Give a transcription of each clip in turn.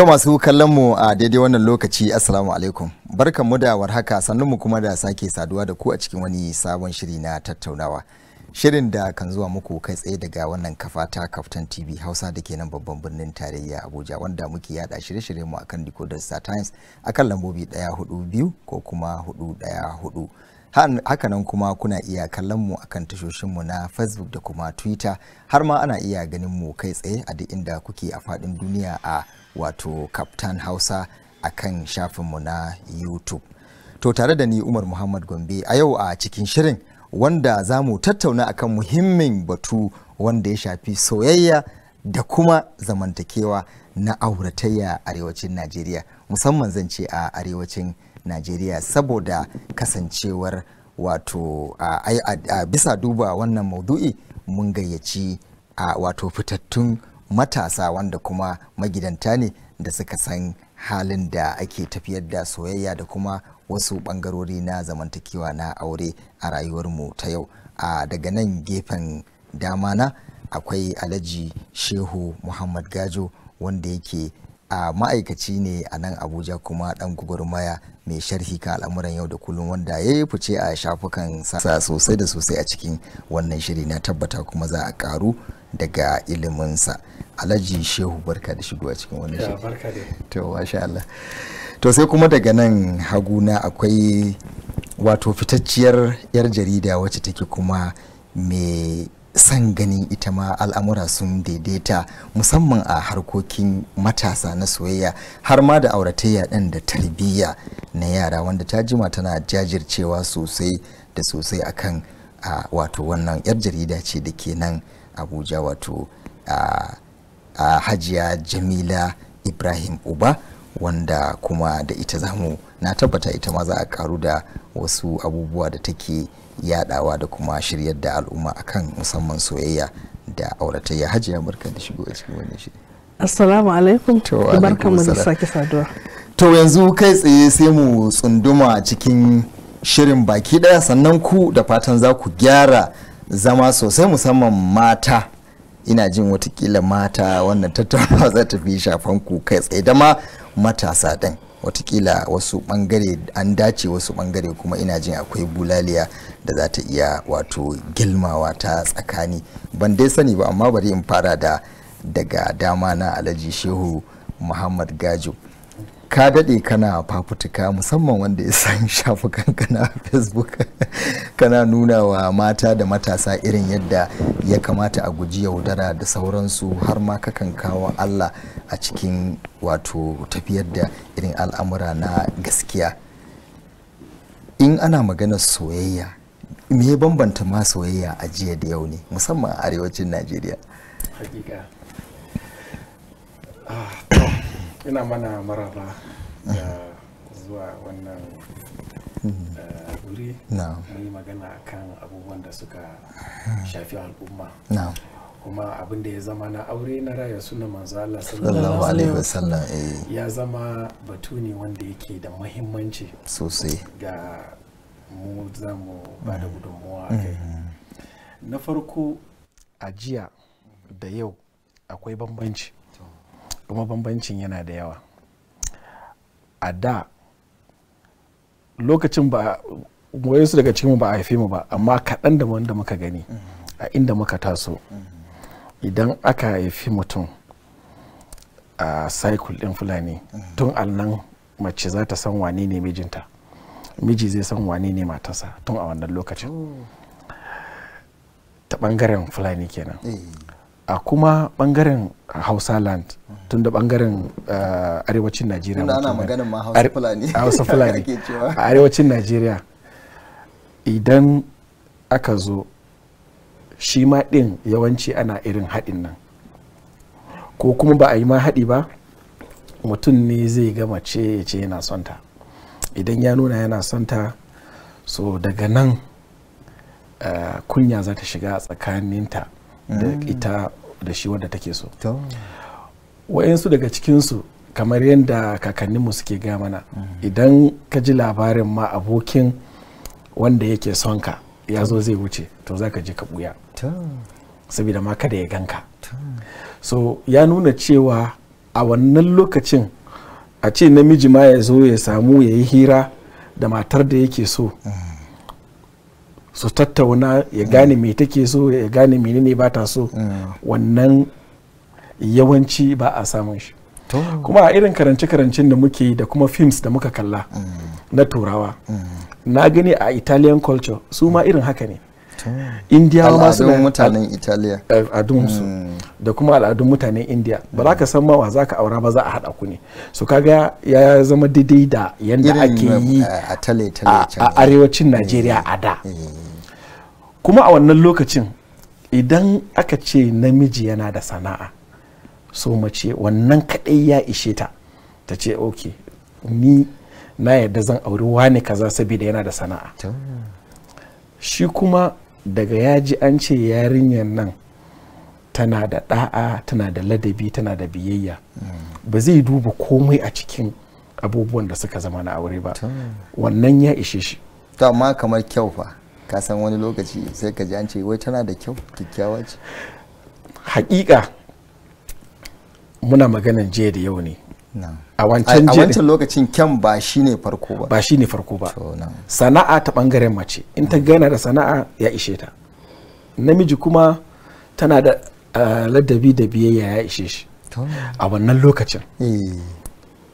To masu kallon mu a daidai wannan lokaci Assalamu alaikum. Barkan mu da warhaka sannan mu kuma da sake saduwa da ku a cikin wani sabon shiri na tattaunawa. Shirin da kan zuwa muku kai tsaye daga wannan kafa ta Kaftan TV Hausa da ke nan babban birnin tarayya Abuja wanda muke yada shirye-shiryen mu akan decoder Star Times akan lambobi biyu ko kuma hudu Haka hakanan kuma kuna iya kallon mu akan mu na facebook da kuma twitter har ma ana iya ganin mu kai tsaye a duk inda kuke a faɗin duniya a wato captain hausa a kan shafinmu na youtube to tare da ni umar muhammad gombe a yau a cikin shirin wanda za mu tattauna kan muhimmin batu wanda ya shafi soyayya da kuma zamantakewa na auratayya arewacin najeriya musamman zan ce a arewacin najeriya saboda kasancewar wato a bisa duba wannan maudu'i mun gayyaci a wato fitattun matasa wanda kuma magidanta ne da suka san halin da ake tafiyar da soyayya da kuma wasu bangarori na zamantakewa na aure a rayuwarmu ta yau a daga nan gefen dama na akwai alhaji shehu muhammad gajo wanda yake a ma'aikaci ne a nan abuja kuma dan gwagwarmaya mai sharhi kan al'amuran yau da kullum wanda ya yi fice a shafukan sa sosai da sosai a cikin wannan shiri na tabbata kuma za a karu daga iliminsa alhaji shehu barka da shigo a cikin wani shi to masha Allah to sai kuma daga nan haguna akwai wato fitacciyar yar jarida wacce take kuma mai san ganin ita ma al'amura sun daidaita musamman a harkokin matasa na soyayya har ma da auratayya ɗin da tarbiyya na yara wanda ta jima tana jajircewa sosai da sosai akan a wato wannan yar jarida ce da ke nan abuja wato a hajiya jamila ibrahim uba wanda kuma da ita zamu na tabbata ita ma za a karu da wasu abubuwa da take yadawa da kuma shiryar da al'umma akan musamman soyayya da auratayya hajiya barkan da shigo a cikin wannan shi assalamu alaikum barkanmu da sake saduwa to yanzu kai tsaye sai mu tsunduma cikin shirin baki daya sannan ku da fatan za ku gyara zama sosai musamman mata ina jin watakila mata wannan tattaunawa za ta fi shafan ku kai tsaye dama matasa din watakila wasu bangare an dace wasu bangare kuma ina jin akwai bulaliya da za ta iya wato gilmawa ta tsakani ban dai sani ba amma bari in fara da daga dama na alhaji shehu muhammad gajo ka daɗe kana fafutuka musamman wanda ya san shafukan ka na facebook kana nuna wa mata da matasa irin yadda ya kamata a guji yaudara da sauransu har ma kakan kawo allah a cikin wato tafiyar da irin al'amura na gaskiya in ana maganar soyayya me ya bambanta ma soyayya a jiya da yau ne musamman a arewacin najeriya ina mana maraba da zuwa wannan eh, wuri na yi magana kan abubuwan da suka shafi al'umma kuma abin da ya zama na aure na raya suna manzo sallallahu alaihi wasallam eh. ya zama batu ne wanda yake da muhimmanci sosai ga mu za mu ba da gudunmuwa mm-hmm. na farko a jiya da yau akwai bambanci kuma bambancin yana da yawa a da lokacin ba wayansu daga cikinmu ba a haife mu ba amma kaɗan da wanda muka gani a inda muka taso idan aka haifi mutum a cycle ɗin fulani tun alnan mace za ta san wane ne mijinta miji zai san wane ne matarsa tun a wannan lokacin oh. ta ɓangaren fulani kenan eh. a kuma bangaren hausa land tun da bangaren eh, arewacin najeriya hausa fulani a arewacin najeriya idan aka zo shi ma din yawanci ana irin haɗin nan ko kuma ba a yi ma haɗi ba mutum ne zai gama ce ya ce yana son idan ya nuna yana son so daga nan eh, kunya za ta shiga tsakaninta da mm. ita da shi wadda take so wa'insu daga cikinsu kamar yadda kakanninmu suke ga mana mm. idan ka ji labarin ma abokin wanda yake son ka ya zo zai wuce to za ka je ka buya saboda ma kada ya ganka so ya nuna cewa a wannan lokacin a ce namiji ma ya zo ya samu ya yi hira da matar da yake so mm. su tattauna ya gane me take so ya gane menene ba ta so mm. wannan yawanci ba a samun shi kuma a irin karance-karancen da muke yi da kuma films da muka kalla mm. na turawa mm. na gani a italian culture su ma irin haka ne Indiya ma suna mutanen italiya eh, su hmm. da kuma al'adun mutanen indiya ba za ka san ma wa za ka aura ba za a haɗa ku ne so kaga ya zama daidai da yadda ake yi a arewacin najeriya a da hmm. Hmm. kuma a wannan lokacin idan aka ce namiji yana da sana'a so mace wannan kaɗai ya ishe ta ta ce ok ni na yarda zan auri wani kaza saboda yana da sana'a shi kuma daga ya ji an ce yarinyar nan tana da ɗa'a tana da ladabi tana da biyayya ba zai duba komai a cikin abubuwan da suka zama na aure ba wannan ya ishe shi to amma kamar kyau fa ka san wani lokaci sai ka ji an ce wai tana da kyau kyakkyawa ce hakika muna maganan jiya da yau ne a wancan lokacin kyan ba shi ne farko ba ba shi ne farko ba sana'a ta bangaren mace in ta gana da sana'a ya ishe ta namiji kuma tana da eh, ladabi da biyayya ya ishe shi a wannan lokacin eh.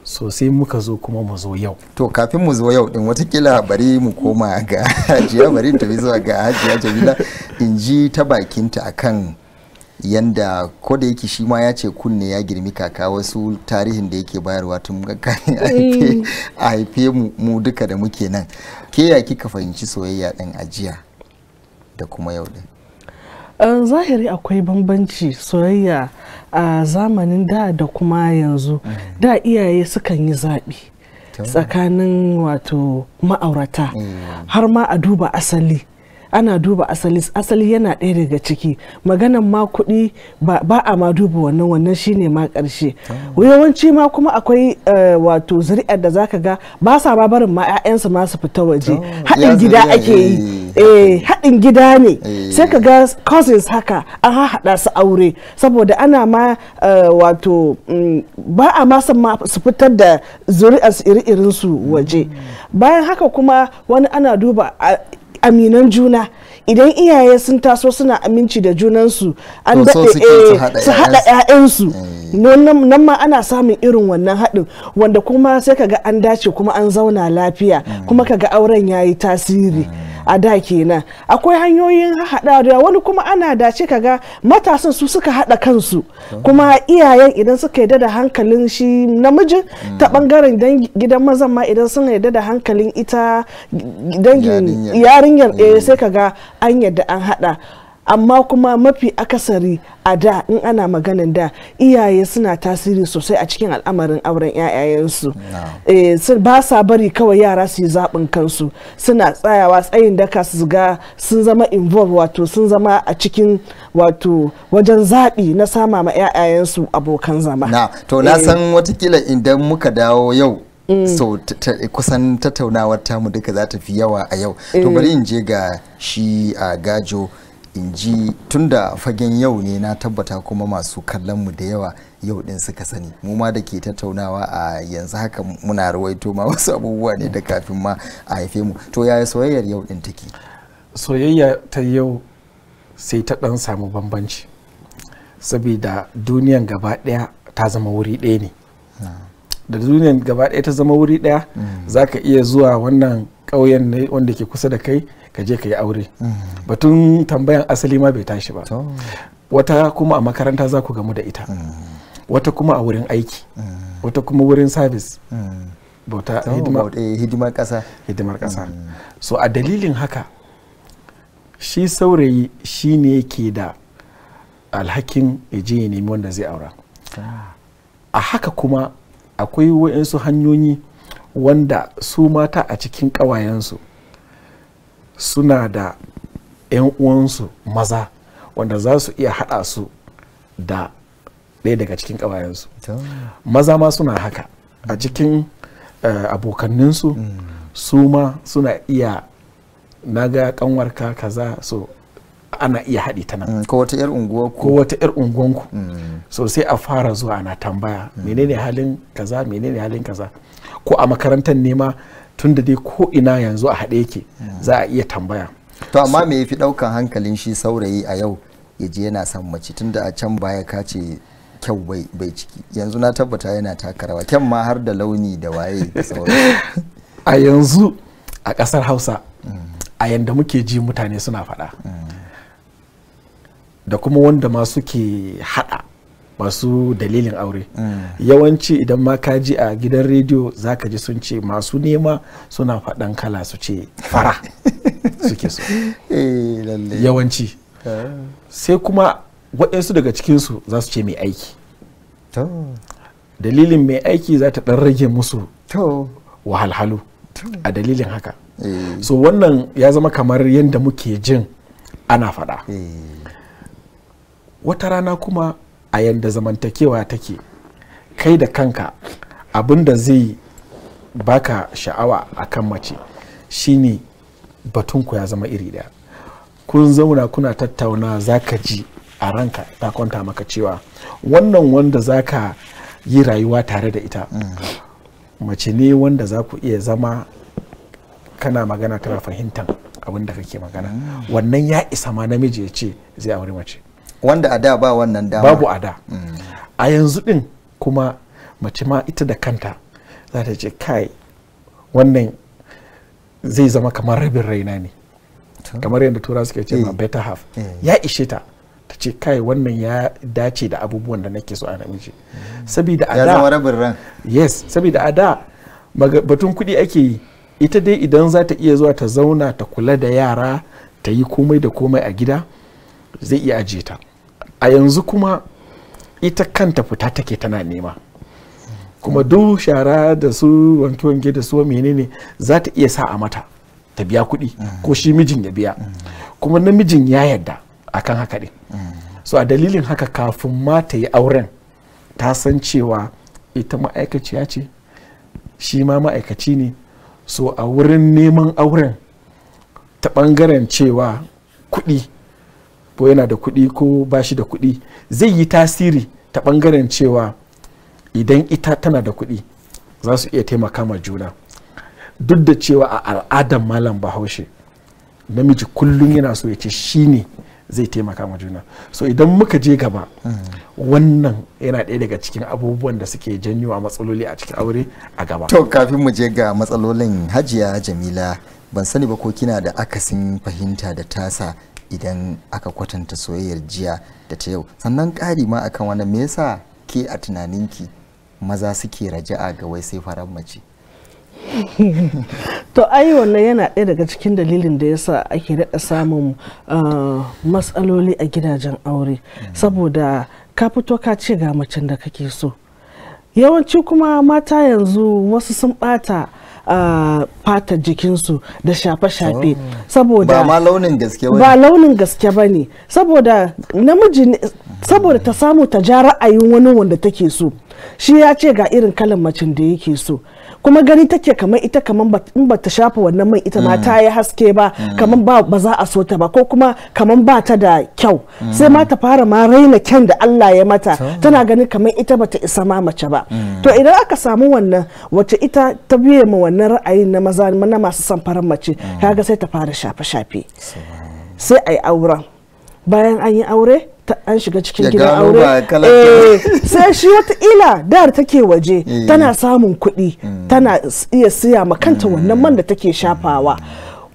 so sai muka zo kuma mu zo yau to kafin mu zo yau din watakila bari mu koma ga hajiya bari tafi zuwa ga hajiya jamila in ji ta bakinta akan yanda ko da yake shi ma ya ce kunne ya girmi kaka wasu tarihin da yake bayarwa tun kafin eh. a haife mu duka da muke nan ke ya kika fahimci soyayya din ajiya da kuma yau din eh, zahiri akwai bambanci soyayya a zamanin da da kuma yanzu mm. da iyaye sukan yi zaɓi tsakanin wato ma'aurata eh. har ma a duba asali ana duba asali asali yana ɗaya daga ciki maganan ma kuɗi ba a ma duba wannan wannan shine ma ƙarshe oh. yawanci ma kuma akwai eh, wato zuri'ar da zaka ga ba sa ba barin ma 'ya'yansu ma su fita waje oh, haɗin gida ake yi eh, haɗin gida ne eh. sai ka ga cousins haka an haɗa su aure saboda ana ma wato mm, ba a ma su fitar da zuri'ar iri-irinsu waje hmm. bayan haka kuma wani ana duba aminan juna idan iyaye sun taso suna aminci da junansu an daɗe eh, su haɗa 'ya'yansu eh. nan ma ana samun irin wannan haɗin wanda kuma sai kaga an dace kuma an zauna lafiya mm. kuma kaga auren ya yi tasiri. Mm. a da kenan akwai hanyoyin haɗa wani kuma ana dace kaga matasan su suka haɗa kansu kuma iyayen idan suka yarda da hankalin shi namijin ta bangaren mm. gidan mazan ma idan sun yarda da hankalin ita dangin yarinyar eh, mm. sai kaga an yarda an haɗa amma kuma mafi akasari a da in ana maganin da iyaye suna tasiri sosai a cikin al'amarin auren 'ya'yayensu eh, ba sa bari kawai yara su yi zaɓin kansu suna tsayawa tsayin daka su ga sun zama involve wato sun zama a cikin wato wajen zaɓi na sama ma 'ya'yayensu abokan zama na to na eh. san watakila idan muka dawo yau mm. so kusan tattaunawar tamu duka za ta fi yawa a yau to eh. bari in je ga shi a ah, gajo in ji tun da fagen yau ne na tabbata kuma masu kallon mu da yawa yau din suka sani mu ma da ke tattaunawa a yanzu haka muna rawaito ma wasu abubuwa ne da kafin ma a haife mu to yaya soyayyar yau din take soyayya ta yau sai ta dan samu bambanci saboda duniyan gaba daya ta zama wuri ɗaya ne ah. da duniyan gaba ɗaya ta zama wuri ɗaya mm. zaka iya zuwa wannan ƙauyen ne wanda ke kusa da kai ka je ka yi aure mm. batun tambayan asali ma bai tashi ba wata kuma a makaranta za ku gamu da ita mm. wata kuma a wurin aiki mm. wata kuma wurin sabis bauta hidimar kasa hidimar kasa so a dalilin haka shi saurayi shi ne ke da alhakin je ya nemi wanda zai aura a haka kuma akwai waɗansu hanyoyi wanda su mata a cikin ƙawayensu suna da 'yan uwansu maza wanda za su iya haɗa su da ɗaya daga cikin ƙawayensu maza ma suna haka a cikin uh, abokanninsu mm. su ma suna iya naga kanwarka kaza so ana iya haɗi ta nan. Mm, ko wata 'yar unguwa ko wata 'yar unguwanku. Mm. So sai a fara zuwa ana tambaya menene halin kaza menene halin kaza ko a makarantar nema tun da dai ko ina yanzu a haɗe yake za a iya tambaya to amma me fi ɗaukan hankalin shi saurayi a yau ya je yana son mace tun da a can baya ka ce kyau bai ciki yanzu na tabbata yana taka rawa kyan ma har da launi da waye a yanzu a ƙasar hausa a yanda muke ji mutane suna faɗa mm. da kuma wanda ma suke haɗa masu dalilin aure mm. yawanci idan ma ka a gidan rediyo za ka ji sun ce masu nema suna faɗan kala su ce fara suke so eh, yawanci ah. sai kuma waɗansu daga cikinsu za su ce mai aiki dalilin mai aiki za ta ɗan rage musu wahalhalu a dalilin haka eh. so wannan ya zama kamar yadda muke jin ana faɗa eh. wata rana kuma a yadda zamantakewa take kai da kanka abin da zai baka sha'awa a kan mace shine batun ku ya zama iri daya kun zauna kuna tattauna zaka ji a ranka ta kwanta maka cewa wannan wanda zaka yi rayuwa tare da ita mace ne wanda za ku iya zama kana magana kana fahimtar abin da kake magana wannan ya isa ma namiji ya ce zai aure mace wanda a ba wannan dama babu a mm. a yanzu din kuma mace ma ita da kanta za ta ce kai wannan zai zama kamar rabin raina ne kamar yadda tura suke ce ma eh. better half eh. ya ishe ta ta ce kai wannan ya dace da abubuwan da nake so a namiji mm. saboda ada ya zama rabin ran yes saboda ada batun kuɗi ake yi ita dai idan za ta iya zuwa ta zauna ta kula da yara ta yi komai da komai a gida zai iya ajiye ta a yanzu kuma ita kanta fita take tana nema kuma duk shara da su wanke-wanke da su menene za ta iya sa a mata ta biya kuɗi ko shi mijin ya biya kuma namijin ya yarda akan haka ne so a dalilin haka kafin ma ta yi auren ta san cewa ita ma'aikaciya ce shi ma ma'aikaci ne so a wurin neman auren ta ɓangaren cewa kuɗi ko yana da kuɗi ko ba shi da kuɗi zai yi tasiri ta ɓangaren cewa idan ita tana da kuɗi za su iya taimaka ma juna duk da cewa a al'adar malam bahaushe namiji kullum yana so ya ce shi ne zai taimaka ma juna so idan muka je gaba hmm. wannan yana ɗaya daga cikin abubuwan da suke janyo a matsaloli a cikin aure a gaba to kafin mu je ga matsalolin hajiya jamila ban sani ba ko kina da akasin fahimta da tasa idan aka kwatanta soyayyar jiya da ta yau sannan ƙari ma akan wani me yasa ke a tunaninki maza suke raja'a ga wai sai farar mace to ai wannan yana ɗaya daga cikin dalilin da yasa ake daɗa samun uh, matsaloli a gidajen aure hmm. saboda ka fito ka ce ga macen da kake so yawanci kuma mata yanzu wasu sun ɓata fatar jikinsu da shafe-shafe oh. saboda ba launin gaske ba launin gaske ba ne saboda namiji saboda ta samu ta ja ra'ayin wani wanda take so shi ya ce ga irin kalan macin da yake so kuma gani take kamar ita kamar in ba ta shafa wannan mai ita ma mm. ta yi haske ba mm. kamar ba za a so ta ba ko kuma kamar ba ta da kyau sai ma ta fara ma raina kyan da Allah ya mata tana ganin kamar ita ba ta isa ma mace ba mm. to idan aka samu wannan wace ita ta biye ma wannan ra'ayin na maza na masu son faran mace kaga sai ta fara shafe-shafe sai a auren bayan an yi aure an shiga cikin gidan aure eh, sai shi wata ila dar take waje eh. tana samun kuɗi mm. tana iya siya ma kanta mm. wannan man da take shafawa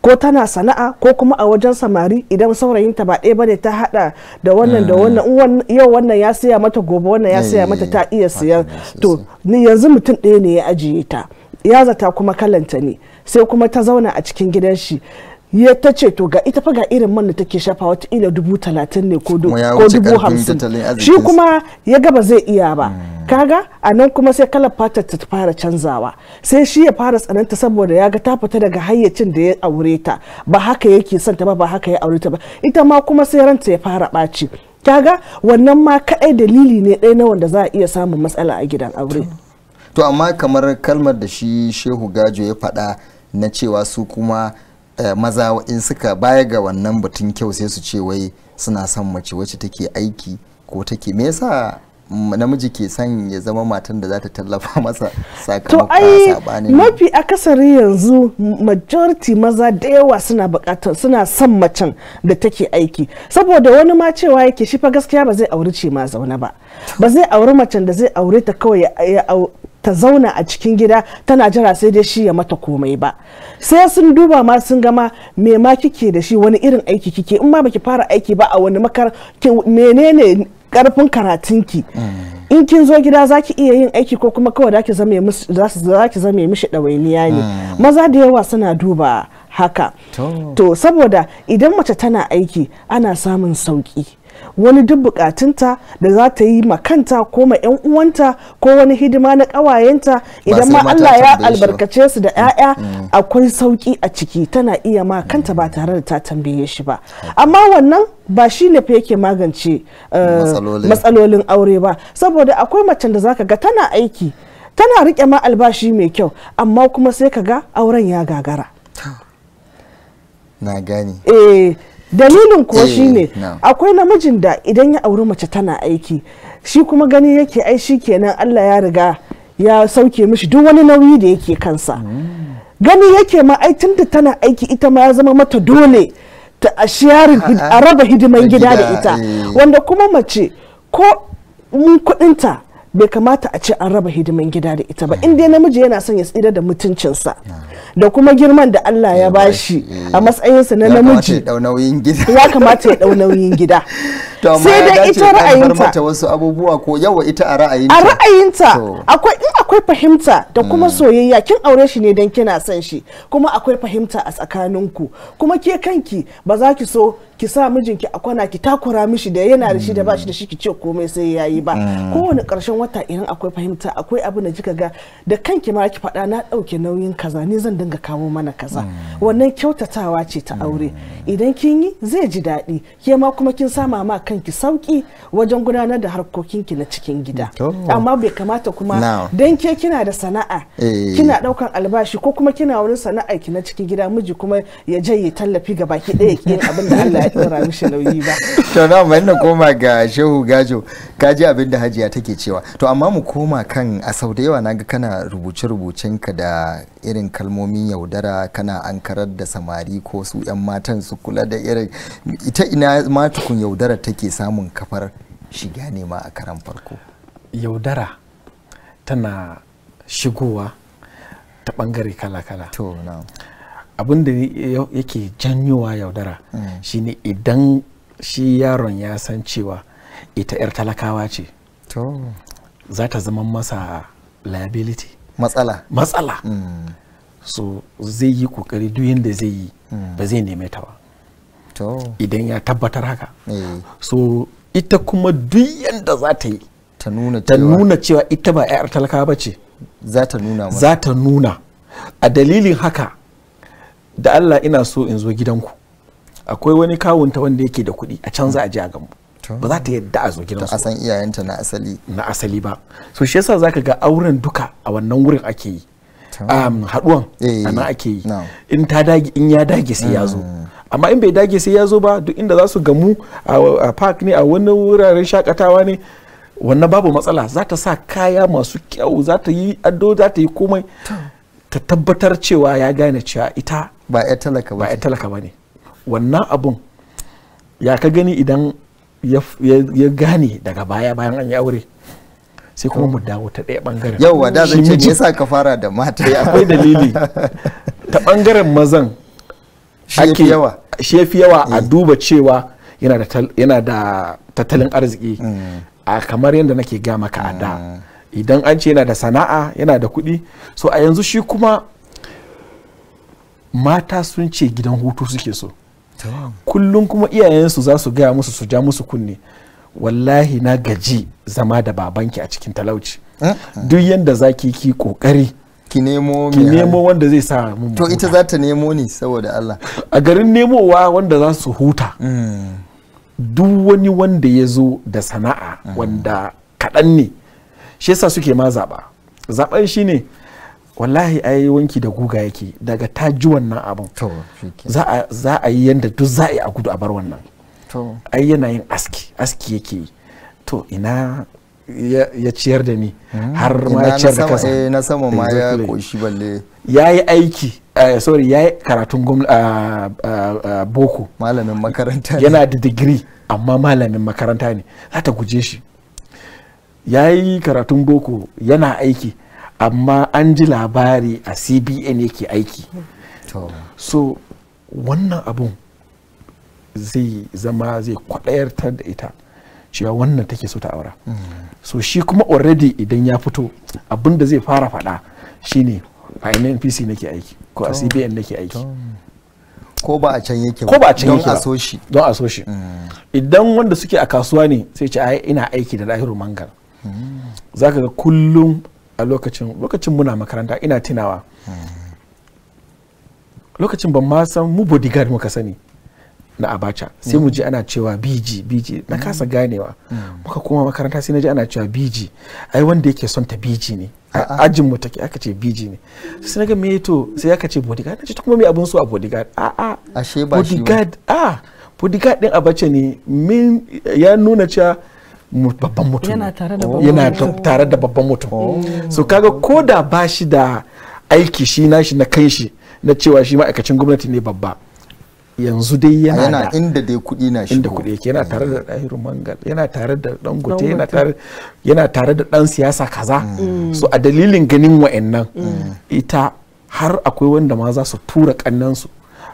ko tana sana'a ko kuma a wajen samari idan saurayinta ba ɗaya bane ta hada da wannan da mm. wannan yau wannan ya siya mata gobe wannan ya siya eh, mata ta iya siyan to yanzu mutum ɗaya ne ya ajiye ta ya zata kuma kalanta ne sai kuma ta zauna a cikin gidan shi ya ta ce to ga ita fa ga irin man da take shafa wata ila dubu talatin ne ko dubu hamsin shi kuma ya gaba zai iya ba hmm. kaga a nan kuma sai kalar fatar ta fara canzawa sai shi ya fara tsananta saboda ya ga ta fita daga hayyacin da ya aure ta ba haka yake son ta ba ba haka ya aure ta ba ita ma kuma sai ranta ya fara ɓaci kaga wannan ma kaɗai dalili ne ɗaya na wanda za a iya samun matsala a gidan aure to amma kamar kalmar da shi shehu gajo ya faɗa na cewa su kuma Eh, maza in suka baya ga wannan batun kyau sai su ce wai suna son mace wacce take aiki ko take me yasa namiji ke son ya zama matan da za ta tallafa masa sakamakon sabanin mafi akasari yanzu majority maza da yawa suna bukatar suna son macen da take aiki saboda wani ma cewa yake shi fa gaskiya ba zai auri ce ma zauna ba ba zai auri macen da zai aure ta kawai ta zauna a cikin gida tana jira sai dai shi ya mata komai ba sai sun duba ma sun gama me ma kike da shi wani irin aiki kike in ma baki fara aiki ba a wani makar menene karfin karatunki mm. in kin zo gida za ki iya yin aiki ko kuma kawai za ki zame mishi ɗawainiya ne mm. maza da yawa suna duba haka to saboda idan mace tana aiki ana samun sauki wani duk bukatunta da za ta yi makanta ko ma yan uwanta ko wani hidima na kawayenta idan ma Allah ya albarkace su da 'ya'ya mm. mm. akwai sauki a ciki tana iya ma mm. kanta ba tare da ta tambaye shi ba amma wannan ba shi ne fa yake magance uh, matsalolin aure ba saboda akwai macen da zaka ga tana aiki tana rike ma albashi mai kyau amma kuma sai ka ga auren ya gagara na gani eh dalilin kuwa eh, shine akwai namijin da idan ya auri mace tana aiki shi kuma gani yake ai shi kenan Allah ya riga ya sauke mishi duk wani nauyi da yake kansa hmm. gani yake ma ai tunda tana aiki ita ma ya zama mata dole ta a raba hidiman gida da ita eh. wanda kuma mace ko mun kudinta bai kamata a ce an raba hidimin gida da ita ba in dai namiji yana son ya tsira da mutuncinsa da kuma girman da Allah ya bashi a matsayinsa na namiji ya kamata ya dau nauyin gida sai da ita ra'ayinta ta wasu abubuwa ko yawa ita a ra'ayinta a ra'ayinta akwai in akwai fahimta da kuma mm. soyayya kin aure shi ne dan kina son shi kuma akwai fahimta a tsakaninku kuma ke kanki ba za ki so ki sa mijinki a kwana ki takura mishi da yana da shi da ba shi da shi ki ce komai sai yayi ba mm. kowane karshen wata idan akwai fahimta akwai abu da ji ga da kanki ma ki faɗa na ɗauke nauyin kaza ni zan dinga kawo mana kaza mm. wannan kyautatawa ce ta aure idan kin yi zai ji daɗi ke ma kuma kin sama ma kanki sauki wajen gudanar da harkokinki na cikin gida oh. amma bai kamata kuma dan ke kina da sana'a eh. kina daukan albashi ko kuma kina wani sana'a ki na cikin gida miji kuma ya je ya tallafi ga baki daya ki abin da Allah ya dora mishi nauyi ba to na mai na koma ga Shehu Gajo kaji abin da Hajiya take cewa to amma mu koma kan a sau da yawa naga kana rubuce rubucen ka da irin kalmomin yaudara kana ankarar da samari ko su 'yan matan su kula da irin ita ina matukun yaudara take samun kafar shiga ne ma a karan farko yaudara tana shigowa ta bangare kala-kala abin da yake janyowa yaudara mm. shine idan shi yaron ya san cewa ita 'yar talakawa ce za ta zama masa liability matsala matsala mm. so zai yi kokari duk yadda zai yi mm. ba zai neme ta ba idan ya tabbatar haka eh. so ita kuma duk yadda za ta yi ta nuna cewa ita ba 'yar talaka ba ce za ta nuna a dalilin haka da allah ina so in zo gidanku akwai wani kawunta wanda yake da kuɗi a can za a je a gamu ba za ta yadda a zo gidansu a san iyayenta na asali na asali ba so shi yasa zaka ga auren duka a wannan wurin ake yi um, haduwan eh, a ake yi in ta dage in ya dage sai ya zo mm. amma in bai dage sai ya zo ba duk inda za su gamu a park ne a wani wuraren shakatawa ne wannan babu matsala za ta sa kaya masu kyau za ta yi ado za ta yi komai ta tabbatar cewa ya gane cewa ita ba ya talaka ba ne wannan abun ya ka gani idan ya gane daga baya bayan an yi aure sai kuma mu dawo ta ɗaya ɓangaren wa da zan ce yasa ka fara da mata eh, akwai dalili ta ɓangaren mazan ake yawa shi yawa a mm. duba cewa yana da tattalin arziki mm. a kamar yadda nake ga maka da mm. idan an ce yana da sana'a yana da kuɗi so a yanzu shi kuma mata sun ce gidan hutu suke so kullum kuma iyayensu za su gaya musu su ja musu kunne wallahi na gaji zama da babanki a cikin talauci eh? duk yadda za ki ki kokari ki nemo wanda zai sa mu to ita za ta nemo ni saboda Allah a garin nemowa wanda za su huta hmm. duk wani wanda ya zo da sana'a hmm. wanda kaɗan ne shi yasa suke ma zaɓa zaɓen shi ne wallahi a yi wanki da guga yake daga tajiwan nan wannan abin za a yi yadda duk za a yi a gudu a bar wannan ai yana yin aski aski yake yi to ina ya ciyar da ni hmm. har ma ya ciyar da kasa eh, na sama ma ya koshi balle ya yi aiki eh, sorry ya yi karatun ah, ah, ah, boko malamin makaranta yana da digiri amma malamin makaranta ne za ta guje shi ya yi karatun boko yana aiki amma an ji labari a cbn yake aiki so wannan abun zai zama zai kwaɗayartar da ita cewa wannan take so ta aura hmm. so shi kuma already idan ya fito abin da zai fara faɗa shine a nnpc nake aiki ko a cbn nake aiki ko ba a can yake ko ba a can yake don a so shi don a so shi hmm. idan wanda suke a kasuwa ne sai ce ai ina aiki da lahiru mangal hmm. zaka ga kullum a lokacin lokacin muna makaranta ina tunawa lokacin ban ma san mu bodyguard muka sani na abacha sai mu ji ana cewa bg bg na kasa ganewa muka koma makaranta sai na ji ana cewa bg ai wanda yake son ta bg ne ajin mu take aka ce bg ne sai na ga me to sai aka ce bodyguard na ce to kuma me abun so a bodyguard a a ashe ba bodyguard a bodyguard din abacha ne min ya nuna cewa babban mutum yana tare da babban mutum so kaga ko da ba shi da aiki shi na shi na shi na cewa shi ma'aikacin gwamnati ne babba yanzu dai yana yana inda dai kudi na shi inda kudi yake yana tare da dahiru mangal yana tare da ɗan gote yana tare yana tare da ɗan siyasa kaza mm. Mm. so a dalilin ganin wa'annan mm. ita har akwai wanda ma za su tura kannansu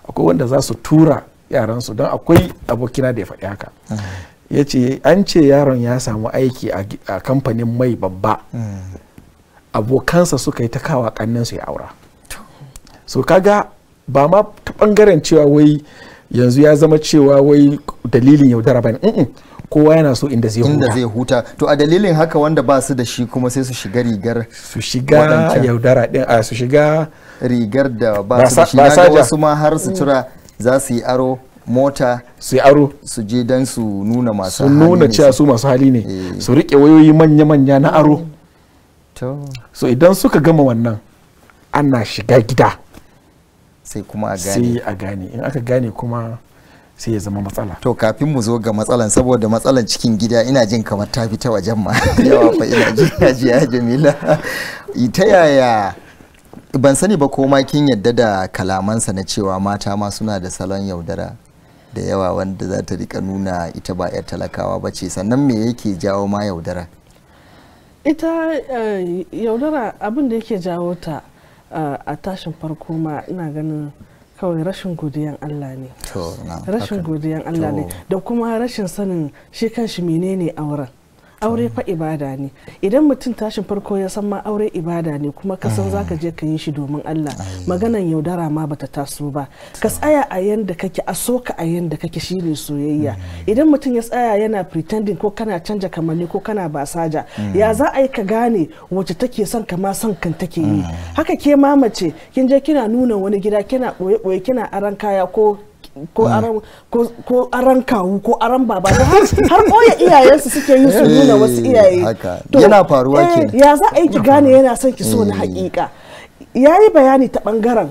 akwai wanda za su tura yaransu don akwai abokina da ya faɗi haka ya ce an ce yaron ya samu aiki a kamfanin mai babba abokansa suka yi ta kawa kannansu ya aura so kaga ba ma ta bangaren cewa wai yanzu ya zama cewa wai dalilin yaudara ba ne kowa yana so inda zai huta inda zai huta to a dalilin haka wanda ba su da shi kuma sai su shiga rigar su shiga yaudara din a su shiga rigar da ba su da shi ga wasu ma har su tura za su yi aro mota su aro su je don su nuna masu hali nuna cewa su masu hali ne eh. su rike wayoyi manya-manya na aro so idan suka gama wannan ana shiga gida sai kuma a gane sai a gane in aka gane kuma sai ya zama matsala to kafin mu zo ga matsalan saboda matsalan cikin gida ina jin kamar ta fita wajen ma yawa fa ina ji ya ji ya jamila ita yaya ban sani ba ko ma kin yadda da kalamansa na cewa mata ma suna da salon yaudara da yawa wanda za ta rika nuna ita ba 'yar talakawa ba ce sannan me yake jawo ma yaudara ita eh, yaudara abin da yake jawo ta eh, a tashin farko ma ina ganin kawai rashin godiyan Allah ne rashin godiyan Allah ne da kuma rashin sanin shi kanshi menene auren aure fa ibada ne idan mutum tashin farko ya san ma aure ibada ne kuma ka san zaka je ka yi shi domin Allah maganan yaudara ma bata taso ba ka tsaya a yanda kake a so ka a yanda kake shine soyayya idan mutum ya tsaya yana pretending ko kana canja kamanni ko kana basaja ya mm. za a ka gane wacce take son ka ma son kan take yi mm. haka ke mamace kin je kina nuna wani gida kina boye boye kina aran kaya ko Mm. ko aran kawu ko aran baba har koya iyayensu suke yin su nuna eh, wasu iyaye yana faruwa eh, ke. ya za a yi ki gane yana son ki so na mm. hakika yi bayani ta bangaren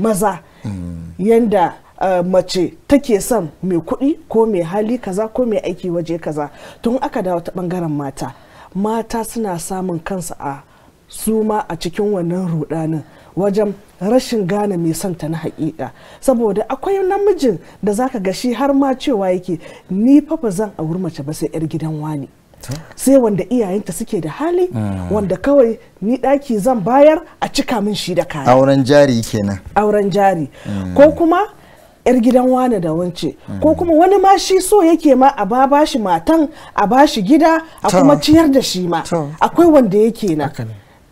maza mm. yanda eh, mace take son mai kuɗi ko mai hali kaza ko mai aiki waje kaza tun aka dawo ta ɓangaren mata mata suna samun kansa a suma a cikin wannan rudanin wajen rashin gane mai son ta na hakika saboda akwai namijin da zaka ga shi har ma cewa yake ni fa ba zan auri mace ba sai yar gidan wani sai wanda iyayenta suke da hali ah. wanda kawai ni daki zan bayar a cika min shi da kaya auren jari kenan auren jari hmm. ko kuma yar gidan wani da wance hmm. ko kuma wani ma shi so yake ma a ba bashi matan a bashi gida a kuma ciyar da shi ma akwai wanda yake na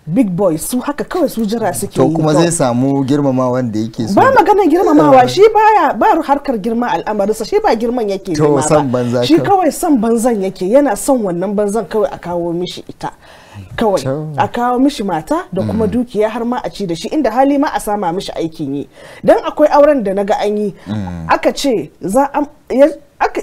big boy su haka kawai su jira suke to kuma zai samu girmama wanda yake so ba maganar girmamawa shi baya ba harkar girma al'amarinsa shi ba girman yake to san banza shi kawai san banzan yake yana son wannan banzan kawai a kawo mishi ita kawai a kawo mishi mata da kuma mm. dukiya har ma a ci da shi inda hali ma a sama mishi aikin yi dan akwai auren da naga an yi mm. aka ce za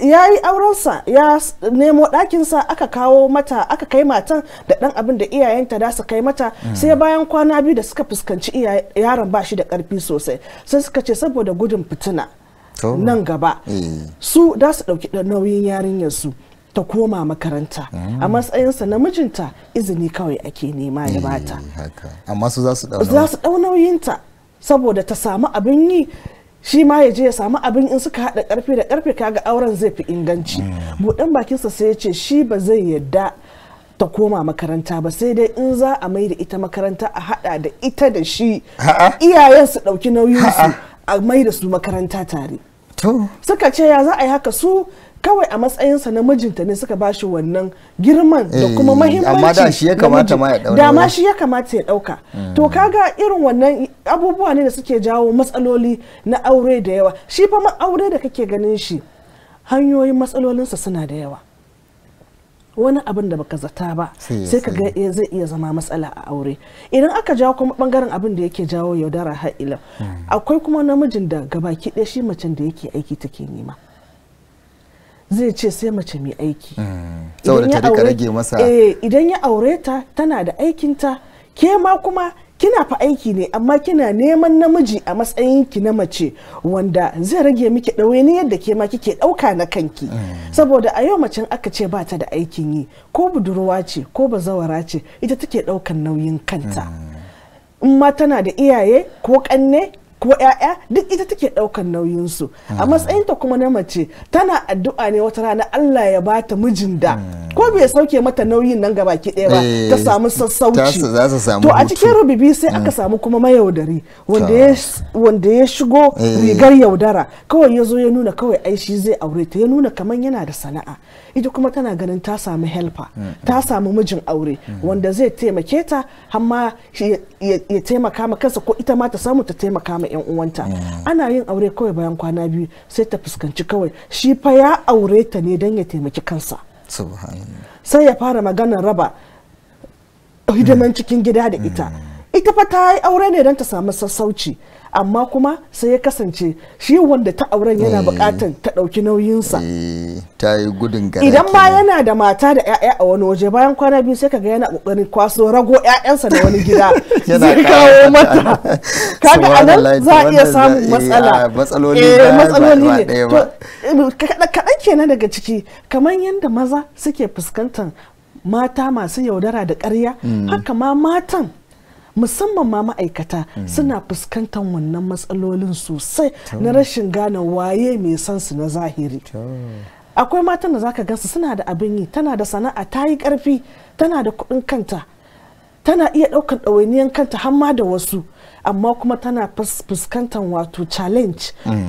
ya yi aurensa ya nemo ɗakinsa aka kawo mata aka kai matan da ɗan abin da iyayenta da su kai mata hmm. sai bayan kwana biyu da suka fuskanci yaron ba shi da ƙarfi sosai sai suka ce saboda gudun fitina oh. nan gaba eh. su da su ɗauki nauyin yarinyar su ta koma makaranta hmm. a matsayinsa na mijinta izini kawai ake nema ya bata eh, amma su za su ɗau nauyinta saboda ta samu abin yi shi ma ya je ya samu abin in suka haɗa karfe da karfe kaga auren zai fi inganci mm. buɗin bakinsa sai ya ce shi ba zai yadda ta koma makaranta ba sai dai in za a mai da ita makaranta a haɗa da ita da shi iyayen su ɗauki nauyinsu a mai da su makaranta tare suka ce ya za a yi haka su kawai a matsayinsa na mijinta ne suka bashi wannan girman da eh, kuma mahimmanci da ma da ma shi ya kamata ya dauka mm. to kaga irin wannan abubuwa ne da suke jawo matsaloli na aure da yawa shi fa ma aure da kake ganin shi hanyoyin matsalolinsa suna da yawa wani abin da baka zata ba sai ka ga eh, zai iya zama matsala a aure idan aka jawo kuma bangaren abin da yake jawo yaudara har ila mm. akwai kuma namijin da gabaki ɗaya shi macen da yake aiki take nema zai ce sai mace mai aiki mm. saboda ta rika rage masa eh, idan ya aure ta tana da aikinta ke ma kuma kina fa aiki ne amma kina neman namiji a matsayin ki na mace wanda zai rage miki ɗawainiyar yadda ke ma kike ɗauka na kanki mm. saboda a yau macen aka ce ba ta da aikin yi ko budurwa ce ko bazawara ce ita take ɗaukan nauyin kanta mm. in ma tana da iyaye ko ƙanne ko 'ya'ya duk ita take ɗaukan nauyinsu a mm. matsayinta kuma na mace tana addu'a ne wata rana Allah ya bata mijin da mm. ko bai sauke mata nauyin nan gaba ki ɗaya ba ta eh, samu sassauci to a cikin rubibi sai aka mm. samu kuma mayaudari wanda ya shigo eh. rigar yaudara kawai yazo ya nuna kawai ai shi zai aure ta ya nuna kamar yana da sana'a ita kuma tana ganin ta samu helper ta samu mijin aure wanda zai taimake ta amma ya taimaka ma kansa ko ita ma ta samu ta taimaka ma yan uwanta mm. ana yin aure kawai bayan kwana biyu sai ta fuskanci kawai shi fa ya aure ta ne don ya taimaki kansa sai ya fara maganar raba hidiman mm. cikin gida da ita mm. ita fa ta yi aure ne don ta samu sassauci amma kuma sai ya kasance shi wanda ta auren yana eh. bukatan ta ɗauki nauyinsa eh, ta yi gudun gara idan ma yana da mata da 'ya'ya a wani waje bayan kwana biyu sai kaga yana kokarin kwaso rago 'ya'yansa da wani gida zai kawo mata kaga anan za a iya samun eh, matsala matsaloli ne kaɗan kenan daga ciki kamar yadda maza suke fuskantar mata masu yaudara da ƙarya hmm. haka ma matan musamman ma ma'aikata suna fuskantar wannan matsalolin sosai na rashin gane waye mai san su na zahiri akwai matan da zaka gansu suna da abin yi tana da sana'a ta yi karfi tana da kuɗin kanta tana iya ɗaukar ɗawainiyan kanta har ma da wasu amma kuma tana fuskantar wato challenge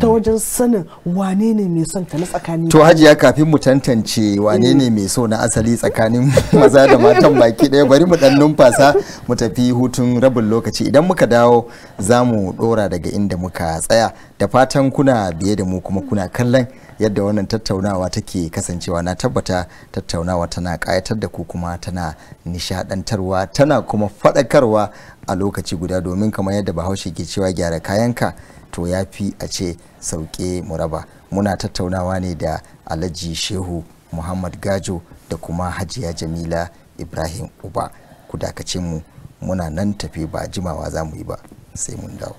ta wajen sanin wane ne mai son ta na tsakanin to hajiya kafin mu tantance wane ne mai so na asali tsakanin maza da matan baki ɗaya bari mu dan numfasa mu tafi hutun rabin lokaci idan muka dawo zamu mu dora daga inda muka tsaya da fatan kuna biye da mu kuma kuna kallon yadda wannan tattaunawa take kasancewa na tabbata tattaunawa tana kayatar da ku kuma tana nishadantarwa tana kuma fadakarwa a lokaci guda domin kamar yadda bahaushe ke cewa gyara kayanka to ya fi a ce sauke muraba muna tattaunawa ne da alhaji shehu muhammad gajo da kuma hajiya jamila ibrahim uba ku dakace mu muna nan tafe ba jimawa za mu yi ba sai mun dawo.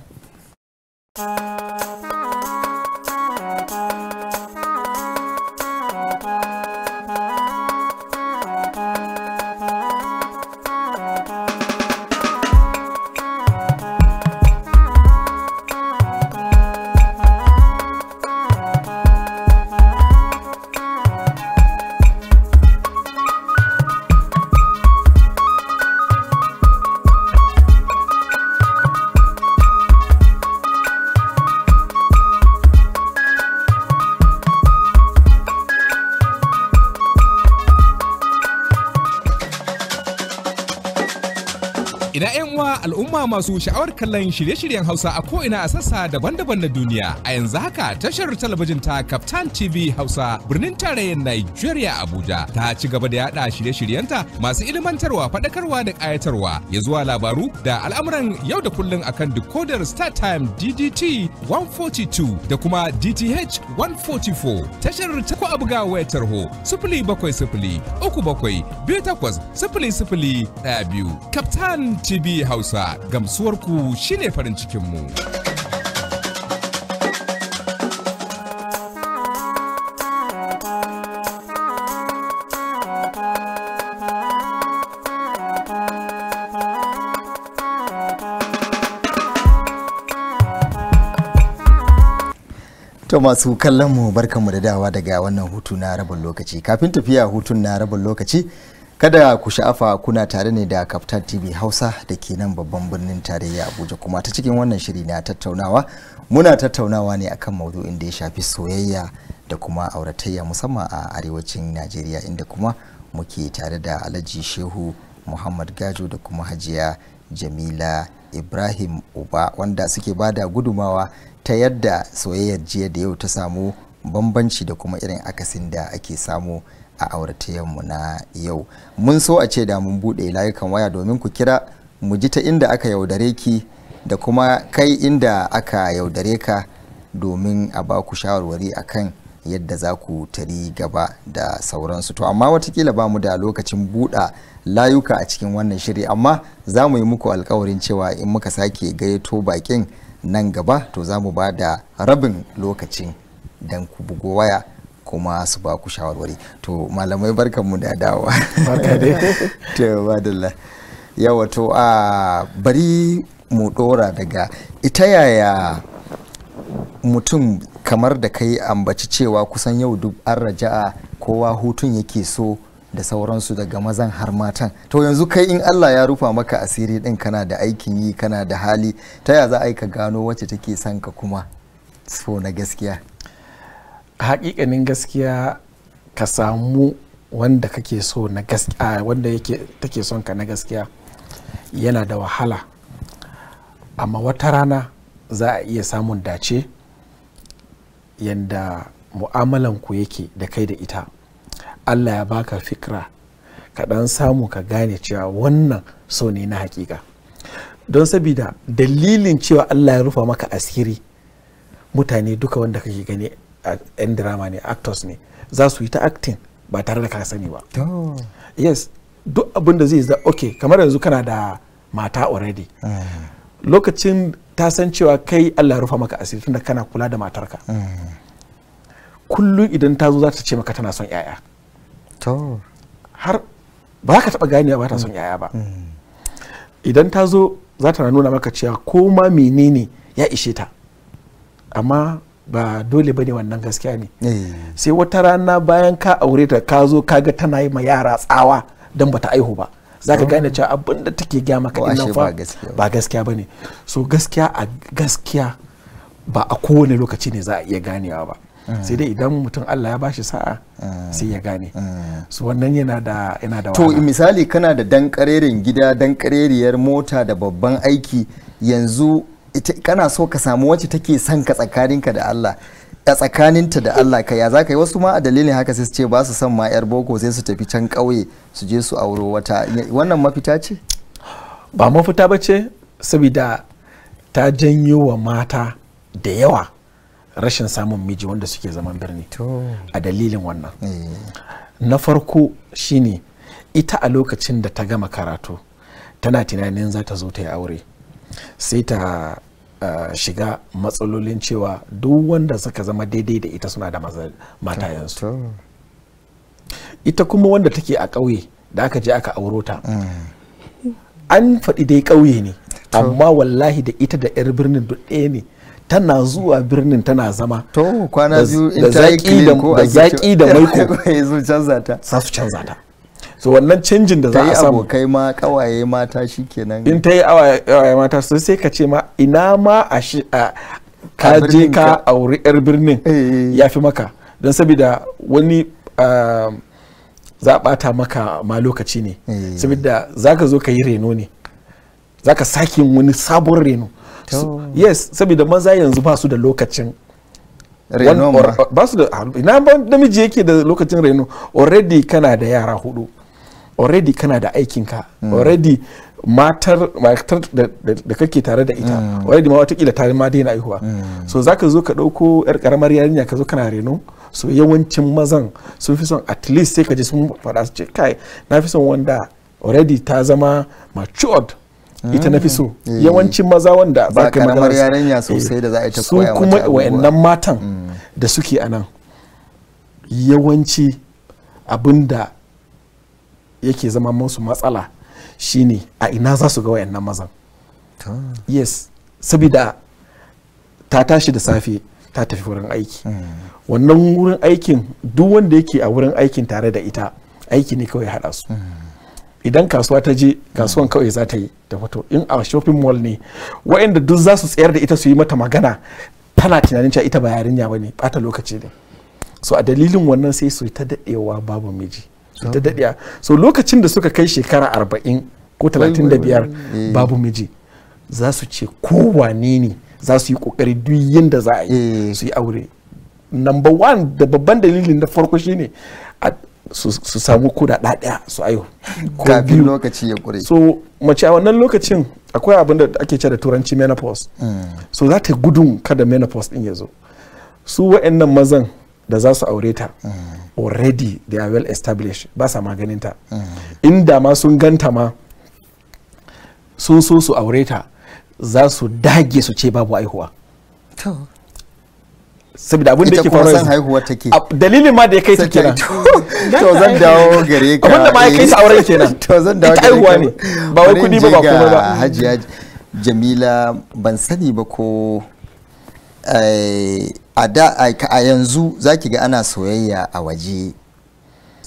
masu sha'awar kallon shirye-shiryen Hausa a ko'ina a sassa daban-daban na duniya. A yanzu haka tashar talabijin ta Captain TV Hausa birnin tarayyar Nigeria Abuja ta ci gaba da yada shirye-shiryenta masu ilmantarwa, faɗakarwa da ƙayatarwa ya zuwa labaru da al'amuran yau da kullun akan decoder Star Time DDT 142 da kuma DTH 144. Tashar ta ko a buga wayar tarho sifili bakwai sifili uku bakwai biyu takwas sifili sifili ɗaya biyu. Kaftan TV Hausa gamsuwarku shine farin cikin mu. masu kallon mu barkanmu da dawa daga wannan hutu na rabin lokaci kafin tafiya hutun na rabin lokaci kada ku sha'afa kuna tare ne da kaftan tv hausa da ke nan babban birnin tarayya abuja kuma ta cikin wannan shiri na tattaunawa muna tattaunawa ne akan maudu'in da ya shafi soyayya da kuma auratayya musamman a arewacin najeriya inda kuma muke tare da alhaji shehu muhammad gajo da kuma hajiya jamila ibrahim uba wanda suke bada da gudumawa ta yadda soyayyar jiya da yau ta samu bambanci da kuma irin akasin da ake samu a mu na yau mun so a ce da mun buɗe layukan waya domin ku kira mu ji ta inda aka yaudare ki da kuma kai inda aka yaudare ka domin a ba ku shawarwari akan yadda za ku tari gaba da sauransu to amma watakila ba mu da lokacin buɗa layuka a cikin wannan shiri amma za mu yi muku alkawarin cewa in muka sake gayyato bakin nan gaba to za mu ba da rabin lokacin don ku bugo waya kuma su ba ku shawarwari to malamai barkanmu da dawa yawa to a bari mu dora daga ita yaya mutum kamar da kai ambaci cewa kusan yau duk an raja'a kowa hutun yake so da sauransu daga mazan har matan to yanzu kai in Allah ya rufa maka asiri din kana da aikin yi kana da hali ta ya za a yi ka gano wacce take son ka kuma so na gaskiya hakikanin gaskiya ka samu wanda kake so na gaskiya wanda yake take son ka na gaskiya yana da wahala amma wata rana za a iya samun dace yanda ku yake da kai da ita allah ya baka fikra ka dan samu ka gane cewa wannan so ne na hakika don sabida dalilin cewa allah ya rufa maka asiri mutane duka wanda kake gani a yan drama ne actors ne za su yi ta acting ba tare da ka sani ba yes duk abin da zai za ok kamar yanzu kana da mata already eh. lokacin ta san cewa kai Allah rufa maka asiri tunda kana kula da matarka kullum idan ta zo za ta ce maka tana son yaya har ba ka taba ganewa ba ta son yaya ba idan ta zo za ta nuna maka cewa ko ma menene ya ishe ta amma ba dole ne wannan gaskiya ne eh. sai wata rana bayan ka aure ta ka zo ka ga tana yi ma yara tsawa don ba ta aihu ba za ka gane cewa abin da take gya maka innan fa ba gaskiya ba so gaskiya a gaskiya ba a kowane lokaci ne za a iya ganewa ba mm. sai dai idan mutum Allah ya bashi sa'a mm. sai ya gane mm. so wannan yana da yana da to misali kana da dan karerin gida dan kareriyar mota da babban aiki yanzu kana so ka samu wacce take son ka tsakaninka da Allah a tsakaninta da Allah ka ya zaka yi wasu ma a dalilin haka sai su ce ba su son ma yar boko sai su tafi can ƙauye su je su auro wata wannan mafita ce ba mafita ba ce saboda ta janyo wa mata da yawa rashin samun miji wanda suke zaman birni a dalilin wannan eh. na farko shine ita a lokacin da ta gama karatu tana tunanin za ta zo ta yi aure sai ta shiga matsalolin cewa duk wanda suka zama daidai da ita suna da matayensu ita kuma wanda take a ƙauye da aka je aka auro ta mm. an faɗi dai ƙauye ne amma wallahi da ita da 'yar birnin duk ɗaya ne tana zuwa birnin tana zama to da zaƙi da maiko sa su canza ta so wannan canjin da za a samu abokai ma kawaye mata shikenan in ta yi awaye mata so sai ka ce ma ina ma a shi a ka je ka auri yar birnin eh, eh, eh. ya fi maka don sabida wani zaɓata maka ma lokaci ne saboda za ka zo ka yi reno ne za ka sake wani sabon reno yes saboda maza yanzu ba su da lokacin reno ba su da ina namiji yake da lokacin reno already kana da yara hudu already kana da aikinka hmm. already matar matar da kake tare da ita hmm. already ma watakila tare ma daina aihuwa hmm. so zaka zo ka dauko yar karamar yarinya ka zo kana reno so yawancin mazan sun fi son at least sai ka ji sun faɗa su ce kai na fi son wanda already ta zama matured ita na fi so eh. yawancin maza wanda ba ka magana yarinya eh, sosai da za a ta koya su kuma wayannan matan da suke anan yawanci abinda yake zama musu matsala shine a ina za su ga wayannan mazan yes saboda ta tashi da safe ta tafi wurin aiki hmm. wannan wurin aikin duk wanda yake a wurin aikin tare da ita aiki ne kawai haɗa su hmm. idan kasuwa ta je kasuwan kawai za ta yi ta fito in a shopping mall ne wa'inda duk za su tsayar da ita su yi mata magana tana tunanin cewa ita ba yarinya ba ne ɓata lokaci ne so a dalilin wannan sai su ta daɗewa babu miji ta daɗiya so lokacin da suka kai shekara arba'in ko talatin da biyar babu miji za su ce ko wane ne za su yi kokari duk yadda za a yi eh. su yi aure number one da babban dalilin na farko shine su samu kuda ɗaɗaya su ayo kafin lokaci ya kure so mace a wannan lokacin akwai abin da ake ce da turanci menopause mm. so za ta gudun kada menopause din ya zo su wa'annan mazan da za su aure ta already they are well established ba sa maganin ta inda ma sun ganta ma sun so su aure ta za su dage su ce babu aihuwa Sabida abin da ke faruwa san haihuwa take dalilin ma da ya kai ta kenan to zan dawo gare ka abin da ma ya kai ta auren kenan to zan dawo gare ka ne ba wai kudi ba ba kuma ba hajiya jamila ban sani ba ko Eh, a yanzu za ki ga ana soyayya a waje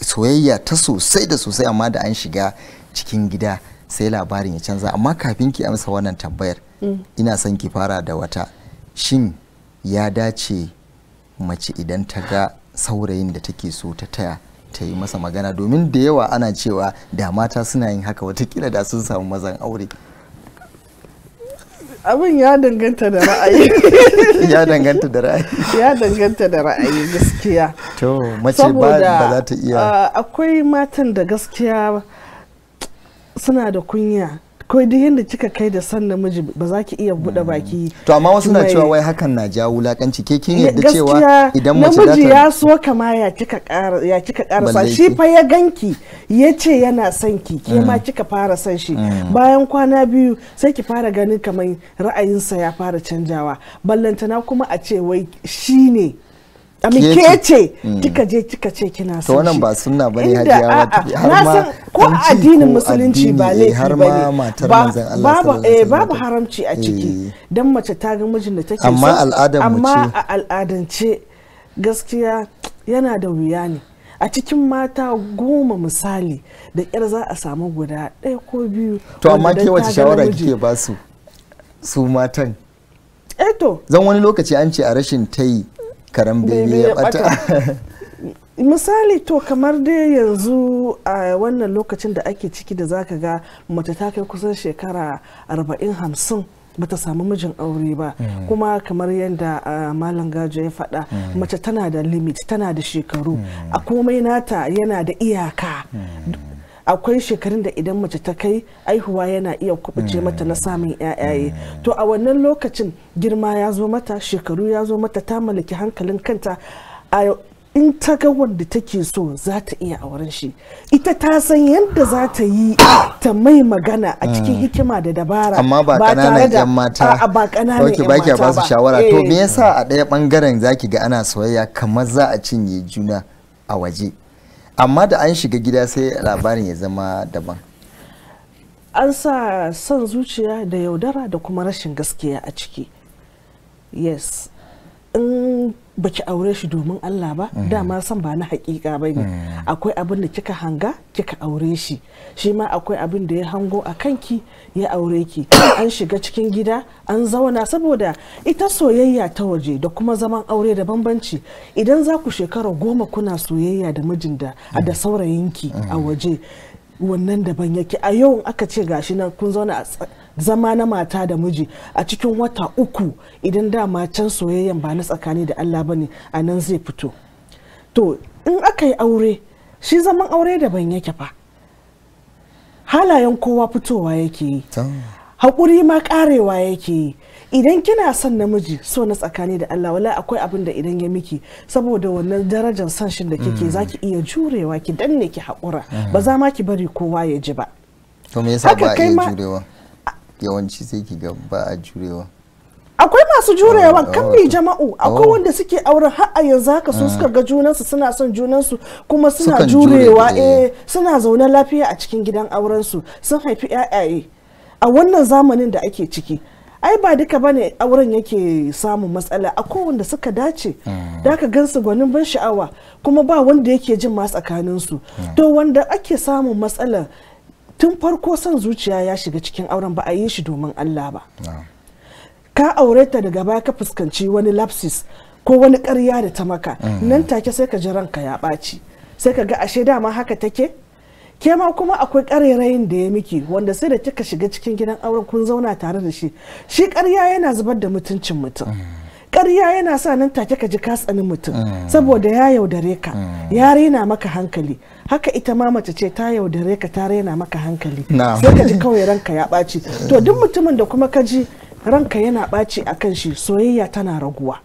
soyayya ta sosai da sosai amma da an shiga cikin gida sai labarin ya canza amma kafin ki amsa wannan tambayar mm. ina son ki fara da wata shin ya dace mace idan ta ga saurayin da take so ta taya ta yi masa magana domin da yawa ana cewa da mata suna yin haka watakila da sun samu mazan aure abin ya danganta da ra'ayi ya danganta da ra'ayi ya danganta da ra'ayi gaskiya to mace ba za ta iya ah, akwai matan da gaskiya suna da kunya ko da yadda kika kai da san namiji ba za ki iya buɗe mm. baki to amma wasu na cewa wai hakan na jawo wulakanci ke kin yadda cewa idan mace namiji ya so kama ya kika ƙara ya kika ƙara sa shi fa ya ganki ya ce yana son ki ke ma mm. kika fara san shi mm. bayan kwana biyu sai ki fara ganin kamar ra'ayinsa ya fara canjawa ballantana kuma a ce wai shi ne ami ce hmm. kika je kika ce kina son to wannan ba sunna bane hajiya wata har ma ko addinin musulunci ba eh, laifi bane babu eh, babu haramci a ciki eh. dan mace ta ga mijin da take so amma al'adar amma a al'adance gaskiya yana da wuya ne a cikin mata goma misali da kyar za a samu guda ɗaya ko biyu to amma ke wace shawara kike ba su su matan eto zan wani lokaci an ce a rashin yi. karan bebe ya bata misali to kamar dai yanzu a wannan lokacin da ake ciki da za ka ga mace ta kai kusan shekara 40-50 bata samu mijin aure ba hmm. kuma kamar yadda malam gajo ya faɗa hmm. mace tana da limit tana da shekaru hmm. a komai nata yana da iyaka akwai shekarun da idan mace ta kai aihuwa yana iya kubuce mata na samun yayaye to a wannan lokacin girma ya zo mata shekaru ya zo mata ta mallaki hankalin kanta a in ta ga wanda take so za ta iya auren shi ita ta san yadda za ta yi ta mai magana a cikin hmm. hikima da dabara amma ba kananan yan mata ba kananan yan mata ba su shawara to eh. me yasa a ɗaya bangaren zaki ga ana soyayya kamar za a cinye juna a waje amma da an shiga gida sai labarin ya zama daban an sa son zuciya da yaudara da kuma rashin gaskiya a ciki yes in baki aure shi domin Allah ba mm. dama san ba na hakika ba ne mm. akwai abin da kika hanga kika aure shi shi ma akwai abin da ya hango a kanki ya aure ki an shiga cikin gida an zauna saboda ita soyayya ta waje da kuma zaman aure da bambanci idan za ku shekara goma kuna soyayya da mijin da mm. da saurayinki a waje wannan daban yake a yau aka ce gashi nan kun zauna zama na mata da miji a cikin wata uku idan da can soyayyan ba na tsakani da Allah ba ne a nan zai fito to in aka yi aure shi zaman aure da ban yake fa halayen kowa fitowa yake yi haƙuri ma karewa yake yi idan kina son namiji so na tsakani da Allah wala akwai abin da idan ya miki saboda wannan darajar son shin da kike mm. zaki iya jurewa ki danne ki haƙura mm. ba za ma ki bari kowa ya ji ba to me yasa ba iya jurewa yawanci sai ki ga ba a jurewa akwai masu jurewa oh, kan mai oh. jama'u akwai oh. wanda suke auren har a yanzu haka su ah. suka ga junansu suna son junansu kuma suna jurewa eh suna zaune lafiya a cikin gidan auren su. sun haifi 'ya'yaye a wannan zamanin da ake ciki ai ba duka bane auren yake samun matsala a wanda suka dace hmm. da ka gansu gwanin ban sha'awa kuma ba wanda yake jin ma tsakanin su. Hmm. to wanda ake samun matsala tun farko son zuciya ya shiga cikin auren ba a yi shi domin Allah ba ka aure ta daga baya ka fuskanci wani lapsis ko wani ƙarya da ta maka mm. nan take sai ka ji ranka ya ɓaci sai ka ga ashe dama haka take ke ma kuma akwai ƙarerayin da ya miki wanda sai da kika shiga cikin gidan auren kun zauna tare da shi shi karya yana zubar da mutuncin mutum Karya mm. yana sa nan take ka ji katsanin mutum mm. saboda ya yaudare ka ya rena maka hankali haka ita ma mace ce ta yaudare ka ta raina maka hankali sai ka ji kawai ranka ya ɓaci to duk mutumin da kuma ka ji ranka yana ɓaci a kan shi soyayya tana raguwa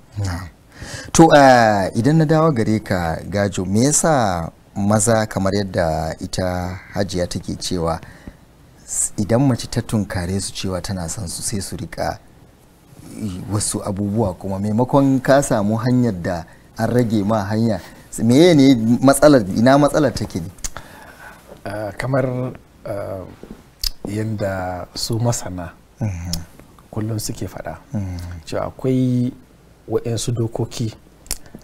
to eh, idan na dawo gare ka gajo me yasa maza kamar yadda ita hajiya take cewa idan mace ta tunkare su cewa tana son su sai su rika wasu abubuwa kuma maimakon ka samu hanyar da an rage ma hanya meye ne matsalar ina matsalar take ne eh, kamar eh, yadda su masana mhm. kullum suke faɗa mhm. cewa akwai wayansu dokoki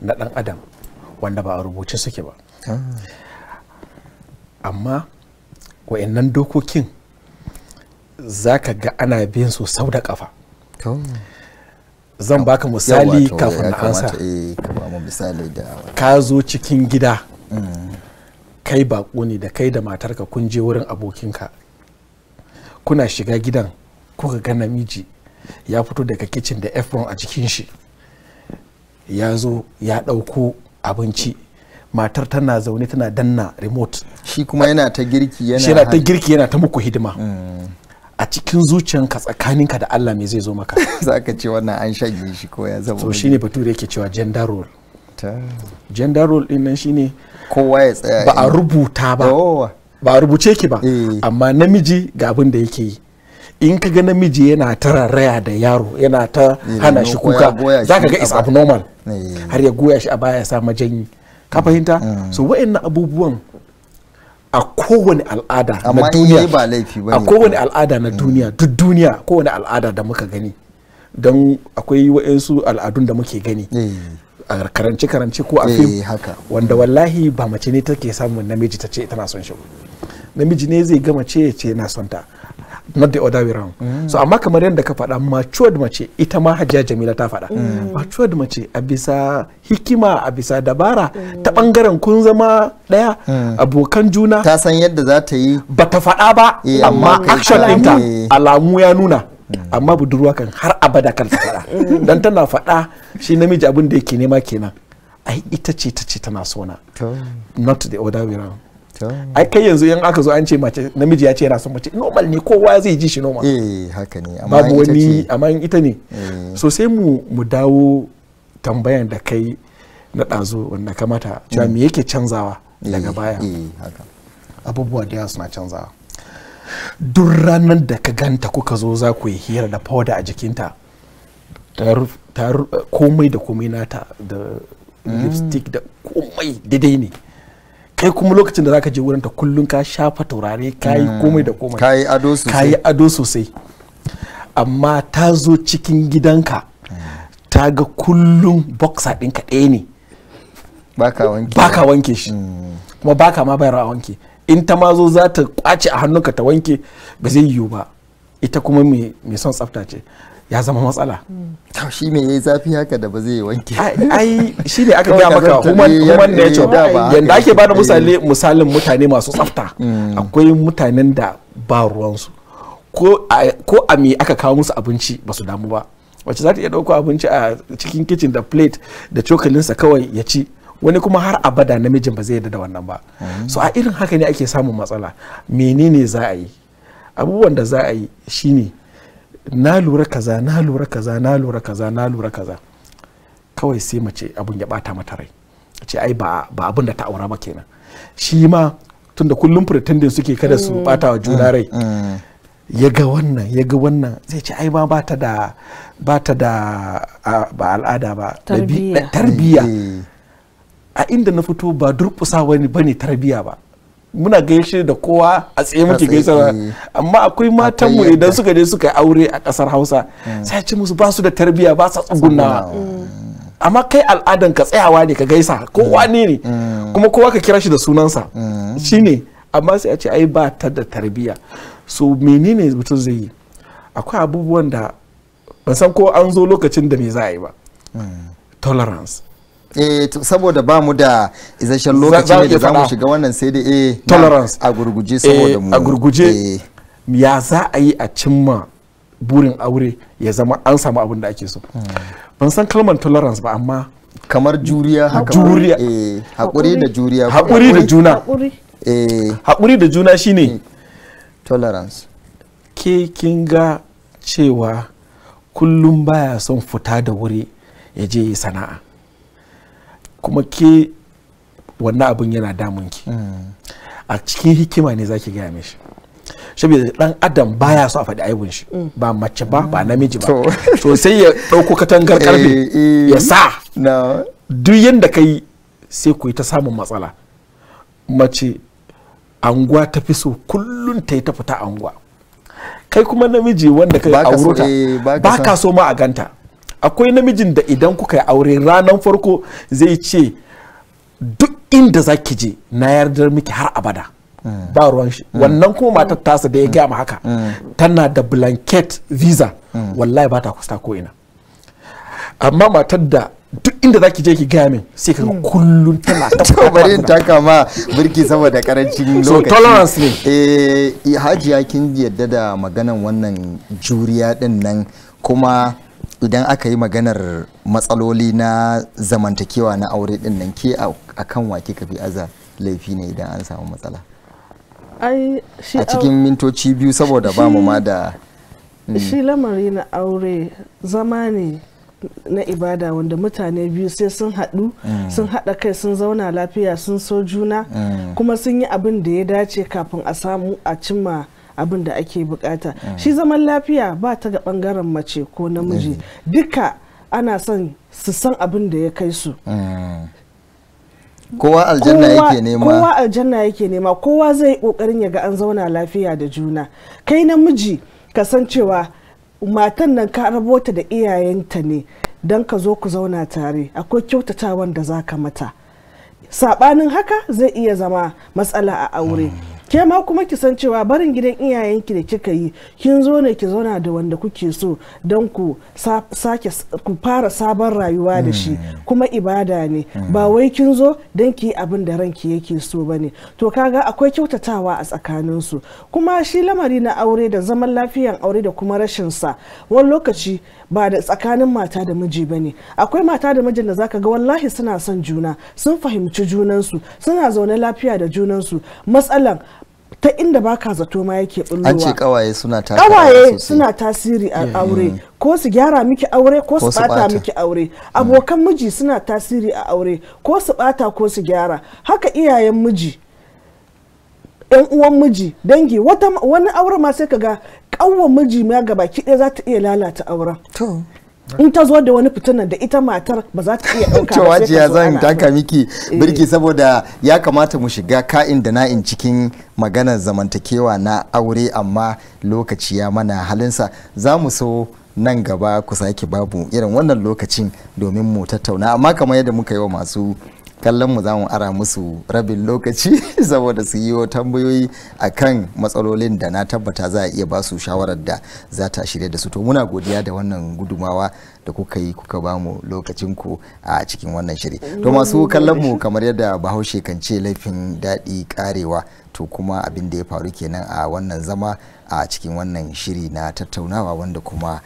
na ɗan adam wanda ba a rubuce suke ba ah. amma wayannan dokokin za ka ga ana bin su sau da ƙafa zan baka misali kafin na ansa eh, ka zo cikin gida mm. kai bako ne da kai da matarka kun je wurin abokinka kuna shiga gidan kuka ga namiji ya fito daga kicin da efron a jikin shi ya zo ya ɗauko abinci matar tana zaune tana danna remote shi kuma yana ta girki yana ta girki yana ta muku hidima mm. a cikin zuciyanka tsakaninka da Allah me zai zo maka za ka ce wannan an shanye shi ko ya zama to shine bature yake cewa gender role gender role din nan shine kowa ya tsaya ba a rubuta ba oh. ba a rubuce ki ba eh. amma namiji ga abin da yake yi in ka ga namiji yana ta raya da yaro yana ta hana shi kuka za ka ga is abnormal eh. har ya goya shi a baya ya sa majanyi ka fahimta mm. so wa'annan abubuwan a kowane al'ada na duniya ba laifi a kowane al'ada na duniya duk duniya kowane al'ada da muka gani don akwai wa'insu al'adun da muke gani eh. a karance karance ko a eh, fim wanda wallahi ba mace ne take samun namiji ta ce tana son shi namiji ne zai gama ce ya ce na son ta not the other way round mm. so amma kamar yadda ka faɗa matured mace ita ma hajiya jamila ta faɗa mm. matured mace a bisa hikima a bisa dabara mm. ta bangaren kun zama ɗaya mm. abokan juna ta san yadda za ta yi ba ta faɗa ba yeah, amma action ɗinta alamu ya nuna mm. amma budurwa kan har abada kan ta faɗa mm. dan tana faɗa shi namiji abin da yake nema kenan ai ita ce ta ce tana sona not the other way round ai kai yanzu yan aka zo an ce mace namiji ya ce yana son mace normal ne kowa zai ji shi normal eh haka ne amma babu wani amma ita ne eh. so sai mu mu dawo tambayan da kai na ɗazu wanda kamata cewa mm. me yake canzawa daga eh, baya eh, abubuwa da yawa suna canzawa duk ranar da ka ganta kuka zo za ku yi hira da powder a jikinta komai da komai nata da mm. lipstick da komai daidai ne kai kuma lokacin da zaka je wurin ta kullun ka shafa taurare ka yi mm. komai da komai ka yi ado sosai ado sosai amma ta zo cikin gidanka mm. ta ga kullun boxer ɗinka ɗaya ne baka wanke baka wanke shi mm. kuma baka ma bayar a wanke in ta ma zo za ta kwace a hannunka ta wanke ba zai yiwu ba ita kuma mai son tsafta ce ya zama matsala to shi me yi zafi haka da ba zai wanke ai shi ne aka gaya maka human nature eh, yanda ake bada misali misalin mutane masu tsafta mm. akwai mutanen da ba ruwansu ko a me aka kawo musu abinci ba su damu ba wacce za ta iya ɗauko abinci a cikin kicin da plate da cokalinsa kawai ya ci wani kuma har abada namijin ba zai yarda da wannan ba mm. so a irin haka ne ake samun matsala menene za a yi abubuwan da za a yi shine na lura kaza na lura kaza na lura kaza na lura kaza kawai sai mace abun ya bata mata rai ce ai ba abun da ta aura ba kenan shi ma tunda kullum pretending suke kada su bata mm. wa juna mm. rai mm. ya ga wannan ya ga wannan zai ce ai ma ba ta da ba da ba al'ada ba tarbiyya a inda na fito ba durkusa wani bane tarbiyya ba muna gaishe da kowa a tsaye muke gaisa eh. amma akwai matan mu idan suka je suka aure a kasar Hausa hmm. sai ce musu ba su da tarbiya ba sa tsugunawa hmm. amma kai al'adan ka tsayawa ne ka gaisa ko hmm. ne ne kuma kowa ka kira shi da sunansa shine amma sai a ce ai ba ta da tarbiya so menene mutum zai yi akwai abubuwan da ban san ko an zo lokacin da me za a yi ba tolerance eh saboda ba mu da isasshen lokaci ne da za mu shiga wannan sai dai eh tolerance a gurguje saboda mu eh, a gurguje eh. ya za a yi a cimma burin aure ya zama an samu abin da ake so hmm. ban san kalmar tolerance ba amma kamar juriya haka juriya eh hakuri da juriya hakuri da juna eh hakuri da juna shine hmm. tolerance ke kin ga cewa kullum baya son fita da wuri ya je yi sana'a kuma ke wannan abin yana damun ki. a cikin hikima ne zaki gaya mishi saboda dan adam baya so a faɗi aibun shi mm. ba mace ba ba mm. namiji ba to sai ya ɗauko katangar karfe eh, eh. ya sa duk yadda kai sai ku yi ta samun matsala mace anguwa ta fi so kullum ta yi ta fita anguwa kai kuma namiji wanda kai a ta ba eh, ka so ma a ganta akwai namijin da idan kuka yi aure ranar farko zai ce duk inda za ki je na yardar miki har abada mm. ba ruwan shi mm. wannan kuma matar tasa da ya gaya ma haka mm. tana da blanket visa wallahi ba ta kusta ko ina amma matar da duk inda zaki je ki gaya min sai ka kullun tana ta bari in taka ma sama da karancin lokaci so tolerance ne eh hajiya kin yadda da maganan wannan juriya din nan kuma idan aka yi maganar matsaloli na zamantakewa na aure din nan ke a kan wake ka fi aza laifi ne idan an samu matsala a cikin mintoci biyu saboda ba mu ma da mm. shi lamari na aure zama ne na ibada wanda mutane biyu sai sun haɗu mm. sun haɗa kai sun zauna lafiya sun so juna mm. kuma sun yi abin da ya dace kafin a samu a cimma abin da ake bukata mm. shi zaman lafiya ba ta ga bangaren mace ko namiji mm. duka ana son su san abin da ya kai su mm. kowa aljanna yake nema kowa aljanna yake nema kowa zai kokarin ya ga an zauna lafiya da juna kai namiji ka san cewa matan nan ka rabota da iyayenta ne don ka zo ku zauna tare akwai kyautatawan da za ka mata sabanin haka zai iya zama matsala a aure ke ma kuma ki san cewa barin gidan iyayenki da kika yi kin zo ne ki zauna da wanda kuke so don ku sake ku fara sabon rayuwa da shi hmm. kuma ibada ne ba hmm. wai kin zo don ki abin da ranki yake so ba ne to kaga akwai kyautatawa a tsakanin su kuma shi lamari na aure da zaman lafiyan aure da kuma rashin sa wani lokaci ba da tsakanin mata da miji ba ne akwai mata da mijin da zaka ga wallahi suna son juna sun fahimci junansu suna zaune lafiya da junansu matsalan ta inda baka zato ma yake bullowa an ce kawaye suna tasiri kawaye suna tasiri a mm-hmm. aure ko su gyara miki aure ko su bata miki aure mm. abokan miji suna tasiri a aure ko su bata ko su gyara haka iyayen miji yan uwan miji dangi wani aure ma sai ka ga. kawon miji ma ga baki ɗaya za ta iya lalata auren in ta zo da wani fitina da ita matar ba za ta iya ɗauka cewa zan taka miki eh. birki saboda ya kamata mu shiga ka'in da na'in cikin maganar zamantakewa na aure amma lokaci ya mana halinsa za mu so nan gaba ku sake babu irin wannan lokacin domin mu tattauna amma kamar yadda muka yi wa masu kallon mu za mu ara musu rabin lokaci saboda su yi tambayoyi a kan matsalolin da na tabbata za a iya ba su shawarar da za ta shirya da su to muna godiya da wannan gudumawa da kuka yi kuka ba mu lokacin ku a cikin wannan shiri to masu kallon mu kamar yadda bahaushe kan ce laifin daɗi karewa to kuma abin da ya faru kenan a wannan zama a cikin wannan shiri na tattaunawa wanda kuma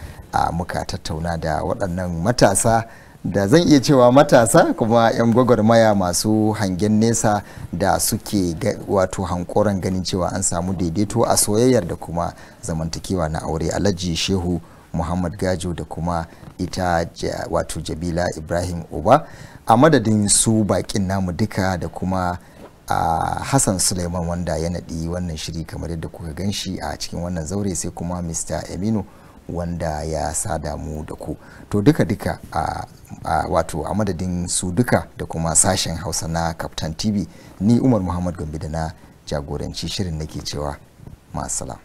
muka tattauna da waɗannan matasa da zan iya cewa matasa kuma 'yan gwagwarmaya masu hangen nesa da suke wato hankoran ganin cewa an samu daidaito a soyayyar da kuma zamantakewa na aure alhaji shehu muhammad gajo da kuma ita wato jabila ibrahim uba a madadin su bakin namu duka da kuma a uh, Hassan Suleiman wanda ya naɗi wannan shiri kamar yadda kuka gan shi a cikin wannan zaure sai kuma Mr. Aminu wanda ya sada mu da ku to duka-duka a wato a madadin su duka da kuma sashen hausa na captain tv ni umar muhammad gombe da na jagoranci shirin nake cewa masala